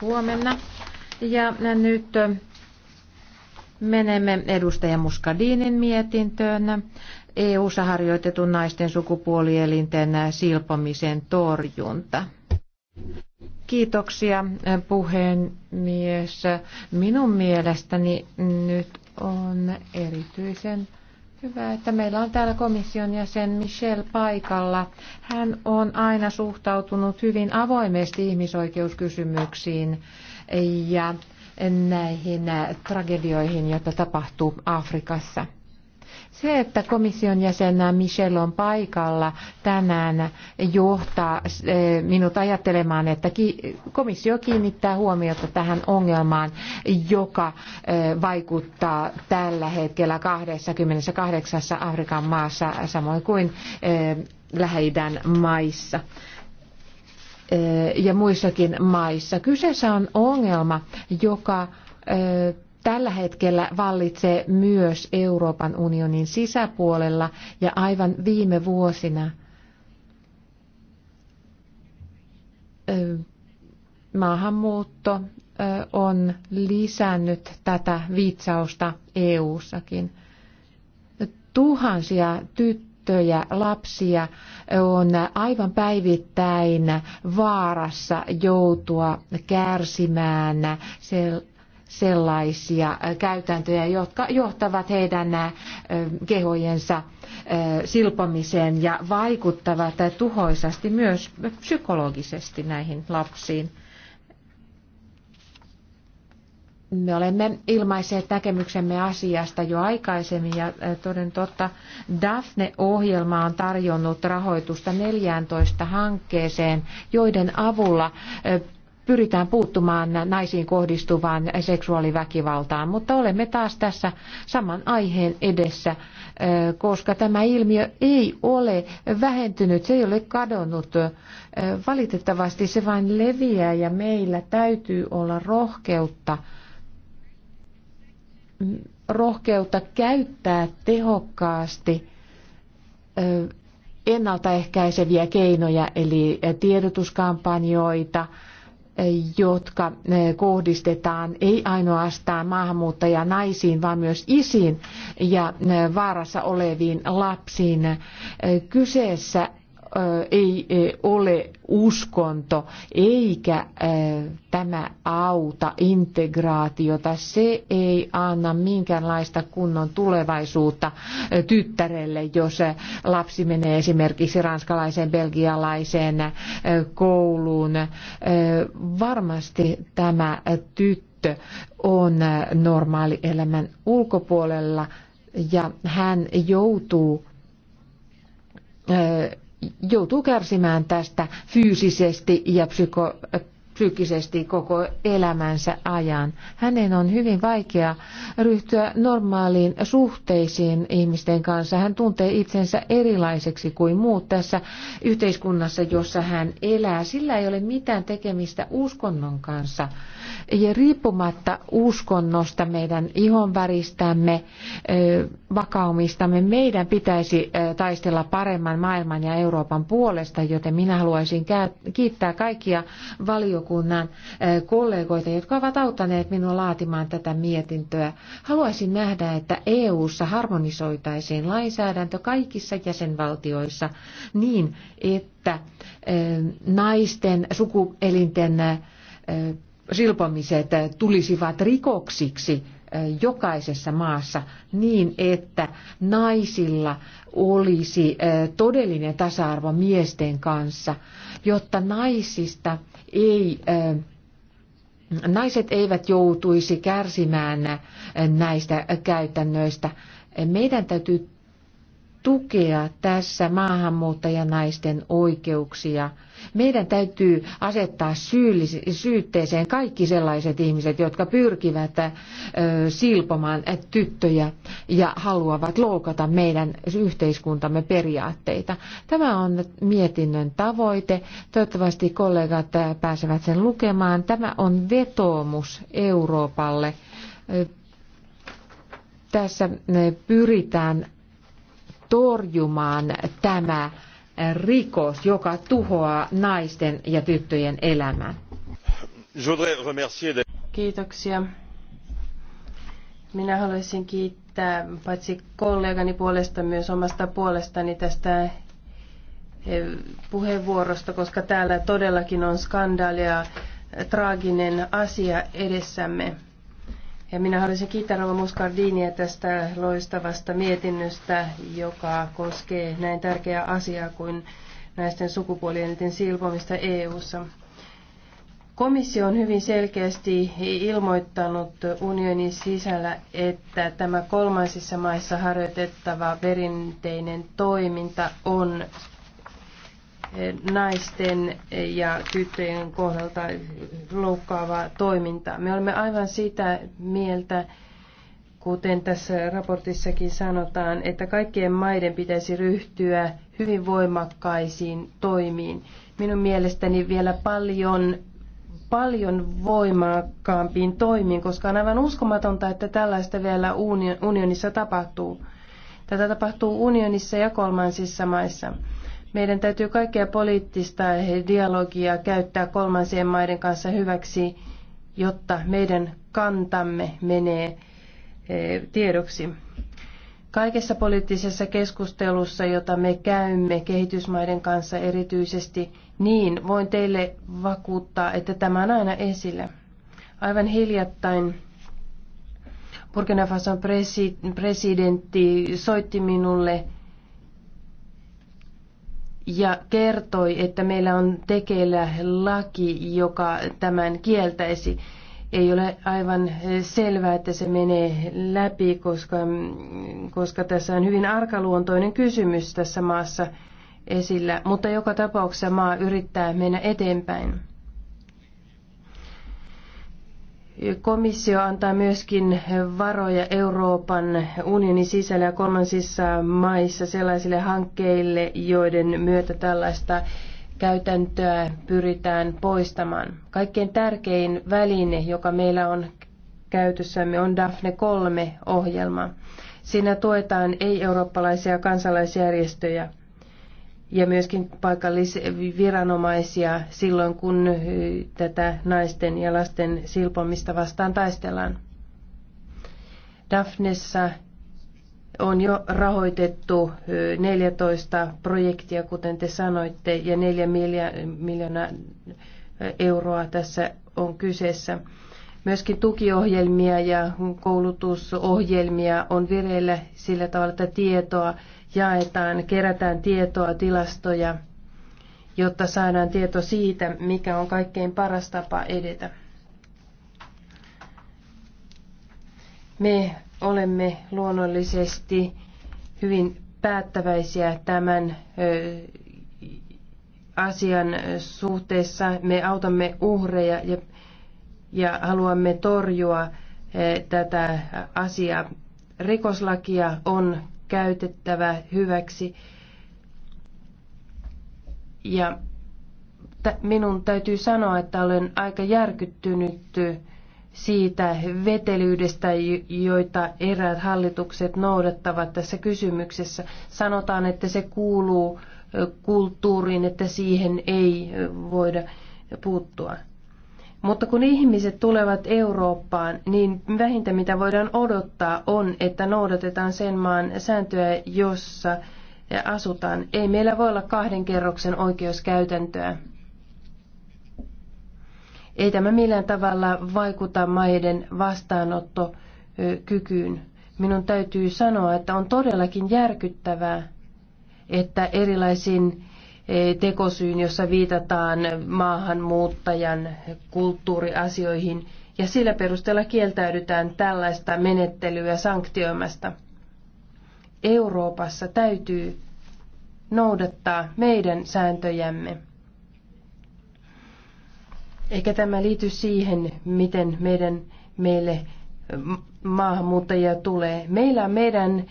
huomenna. Ja nyt menemme edustaja Muskadinin mietintöön EU-ssa harjoitetun naisten sukupuolielinten silpomisen torjunta. Kiitoksia puhemies. Minun mielestäni nyt on erityisen Hyvä, että meillä on täällä komission jäsen Michel paikalla. Hän on aina suhtautunut hyvin avoimesti ihmisoikeuskysymyksiin ja näihin tragedioihin, joita tapahtuu Afrikassa. Se, että komission jäsenä Michel on paikalla tänään, johtaa eh, minut ajattelemaan, että komissio kiinnittää huomiota tähän ongelmaan, joka eh, vaikuttaa tällä hetkellä 28 Afrikan maassa, samoin kuin eh, Lähi-idän maissa ja muissakin maissa. Kyseessä on ongelma, joka Tällä hetkellä vallitsee myös Euroopan unionin sisäpuolella ja aivan viime vuosina maahanmuutto on lisännyt tätä viitsausta EU-sakin. Tuhansia tyttöjä, lapsia on aivan päivittäin vaarassa joutua kärsimään sellaisia äh, käytäntöjä, jotka johtavat heidän äh, kehojensa äh, silpomiseen ja vaikuttavat tuhoisasti myös psykologisesti näihin lapsiin. Me olemme ilmaiseet näkemyksemme asiasta jo aikaisemmin ja toden totta Daphne-ohjelma on tarjonnut rahoitusta 14 hankkeeseen, joiden avulla pyritään puuttumaan naisiin kohdistuvaan seksuaaliväkivaltaan, mutta olemme taas tässä saman aiheen edessä, koska tämä ilmiö ei ole vähentynyt, se ei ole kadonnut. Valitettavasti se vain leviää ja meillä täytyy olla rohkeutta rohkeutta käyttää tehokkaasti ennaltaehkäiseviä keinoja, eli tiedotuskampanjoita, jotka eh, kohdistetaan ei ainoastaan maahanmuuttajanaisiin, vaan myös isiin ja eh, vaarassa oleviin lapsiin. Eh, kyseessä ei ole uskonto, eikä tämä auta integraatiota. Se ei anna minkäänlaista kunnon tulevaisuutta tyttärelle, jos lapsi menee esimerkiksi ranskalaiseen, belgialaiseen kouluun. Varmasti tämä tyttö on normaali elämän ulkopuolella ja hän joutuu joutuu kärsimään tästä fyysisesti ja psyko- psyykkisesti koko elämänsä ajan. Hänen on hyvin vaikea ryhtyä normaaliin suhteisiin ihmisten kanssa. Hän tuntee itsensä erilaiseksi kuin muut tässä yhteiskunnassa, jossa hän elää. Sillä ei ole mitään tekemistä uskonnon kanssa. Ja riippumatta uskonnosta, meidän ihonväristämme, vakaumistamme, meidän pitäisi taistella paremman maailman ja Euroopan puolesta, joten minä haluaisin kiittää kaikkia valiokuntia valiokunnan eh, kollegoita, jotka ovat auttaneet minua laatimaan tätä mietintöä. Haluaisin nähdä, että EU-ssa harmonisoitaisiin lainsäädäntö kaikissa jäsenvaltioissa niin, että eh, naisten sukuelinten eh, silpomiset tulisivat rikoksiksi jokaisessa maassa niin, että naisilla olisi todellinen tasa-arvo miesten kanssa, jotta naisista ei naiset eivät joutuisi kärsimään näistä käytännöistä. Meidän täytyy tukea tässä maahanmuuttajanaisten oikeuksia. Meidän täytyy asettaa syytteeseen kaikki sellaiset ihmiset, jotka pyrkivät silpomaan tyttöjä ja haluavat loukata meidän yhteiskuntamme periaatteita. Tämä on mietinnön tavoite. Toivottavasti kollegat pääsevät sen lukemaan. Tämä on vetoomus Euroopalle. Tässä pyritään torjumaan tämä eh, rikos, joka tuhoaa naisten ja tyttöjen elämän. Kiitoksia. Minä haluaisin kiittää paitsi kollegani puolesta myös omasta puolestani tästä eh, puheenvuorosta, koska täällä todellakin on skandaalia traaginen asia edessämme. Ja minä haluaisin kiittää Rova Muscardinia tästä loistavasta mietinnöstä, joka koskee näin tärkeää asiaa kuin naisten sukupuolielinten silpomista EU:ssa. Komissio on hyvin selkeästi ilmoittanut unionin sisällä, että tämä kolmansissa maissa harjoitettava perinteinen toiminta on naisten ja tyttöjen kohdalta loukkaavaa toimintaa. Me olemme aivan sitä mieltä, kuten tässä raportissakin sanotaan, että kaikkien maiden pitäisi ryhtyä hyvin voimakkaisiin toimiin. Minun mielestäni vielä paljon, paljon voimakkaampiin toimiin, koska on aivan uskomatonta, että tällaista vielä unionissa tapahtuu. Tätä tapahtuu unionissa ja kolmansissa maissa. Meidän täytyy kaikkea poliittista dialogia käyttää kolmansien maiden kanssa hyväksi, jotta meidän kantamme menee e, tiedoksi. Kaikessa poliittisessa keskustelussa, jota me käymme kehitysmaiden kanssa erityisesti, niin voin teille vakuuttaa, että tämä on aina esillä. Aivan hiljattain Burkina Fason presidentti soitti minulle – ja kertoi, että meillä on tekeillä laki, joka tämän kieltäisi. Ei ole aivan selvää, että se menee läpi, koska, koska tässä on hyvin arkaluontoinen kysymys tässä maassa esillä, mutta joka tapauksessa maa yrittää mennä eteenpäin. Komissio antaa myöskin varoja Euroopan unionin sisällä ja kolmansissa maissa sellaisille hankkeille, joiden myötä tällaista käytäntöä pyritään poistamaan. Kaikkein tärkein väline, joka meillä on käytössämme, on Daphne 3-ohjelma. Siinä tuetaan ei-eurooppalaisia kansalaisjärjestöjä – ja myöskin paikallisviranomaisia silloin, kun tätä naisten ja lasten silpomista vastaan taistellaan. Daphnessa on jo rahoitettu 14 projektia, kuten te sanoitte, ja 4 miljoonaa euroa tässä on kyseessä. Myöskin tukiohjelmia ja koulutusohjelmia on vireillä sillä tavalla, että tietoa jaetaan, kerätään tietoa, tilastoja, jotta saadaan tieto siitä, mikä on kaikkein paras tapa edetä. Me olemme luonnollisesti hyvin päättäväisiä tämän asian suhteessa. Me autamme uhreja ja ja haluamme torjua eh, tätä asiaa. Rikoslakia on käytettävä hyväksi ja minun täytyy sanoa, että olen aika järkyttynyt eh, siitä vetelyydestä, joita eräät hallitukset noudattavat tässä kysymyksessä. Sanotaan, että se kuuluu eh, kulttuuriin, että siihen ei voida puuttua. Mutta kun ihmiset tulevat Eurooppaan, niin vähintä mitä voidaan odottaa on, että noudatetaan sen maan sääntöä, jossa asutaan. Ei meillä voi olla kahden kerroksen oikeuskäytäntöä. Ei tämä millään tavalla vaikuta maiden vastaanottokykyyn. Minun täytyy sanoa, että on todellakin järkyttävää, että erilaisin tekosyyn, jossa viitataan maahanmuuttajan kulttuuriasioihin, ja sillä perusteella kieltäydytään tällaista menettelyä sanktioimasta. Euroopassa täytyy noudattaa meidän sääntöjämme. Eikä tämä liity siihen, miten meidän, meille maahanmuuttajia tulee. Meillä on meidän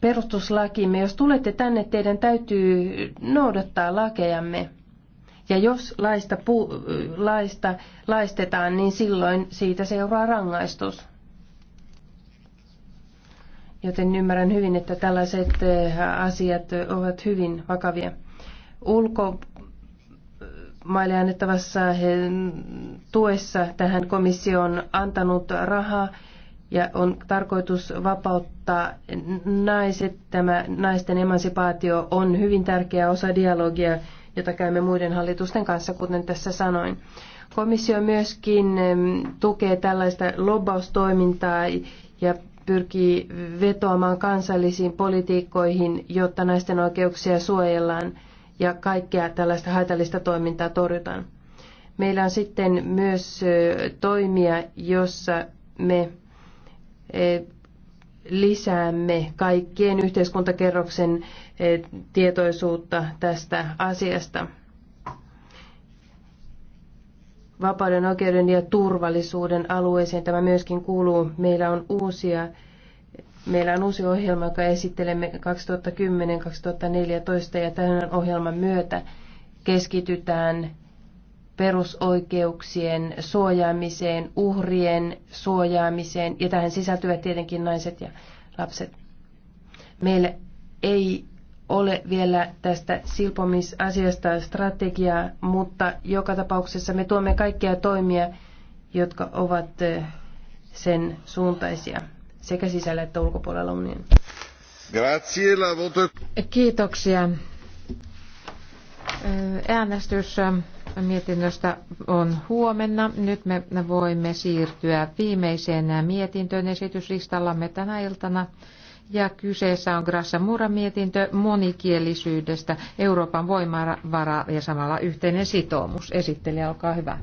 perustuslakimme. Jos tulette tänne, teidän täytyy noudattaa lakejamme. Ja jos laista, pu, laista laistetaan, niin silloin siitä seuraa rangaistus. Joten ymmärrän hyvin, että tällaiset eh, asiat ovat hyvin vakavia. Ulko, maille annettavassa eh, tuessa tähän komissio on antanut rahaa ja on tarkoitus vapauttaa naiset. Tämä naisten emansipaatio on hyvin tärkeä osa dialogia, jota käymme muiden hallitusten kanssa, kuten tässä sanoin. Komissio myöskin tukee tällaista lobbaustoimintaa ja pyrkii vetoamaan kansallisiin politiikkoihin, jotta naisten oikeuksia suojellaan ja kaikkea tällaista haitallista toimintaa torjutaan. Meillä on sitten myös toimia, jossa me E, lisäämme kaikkien yhteiskuntakerroksen e, tietoisuutta tästä asiasta. Vapauden, oikeuden ja turvallisuuden alueeseen tämä myöskin kuuluu. Meillä on uusia Meillä on uusi ohjelma, joka esittelemme 2010-2014 ja tämän ohjelman myötä keskitytään perusoikeuksien suojaamiseen, uhrien suojaamiseen ja tähän sisältyvät tietenkin naiset ja lapset. Meillä ei ole vielä tästä silpomisasiasta strategiaa, mutta joka tapauksessa me tuomme kaikkia toimia, jotka ovat sen suuntaisia sekä sisällä että ulkopuolella unionin. Kiitoksia. Äänestys mietinnöstä on huomenna. Nyt me voimme siirtyä viimeiseen mietintöön esityslistallamme tänä iltana. Ja kyseessä on Grassa Muran mietintö monikielisyydestä, Euroopan voimavara ja samalla yhteinen sitoumus. Esittelijä, olkaa hyvä.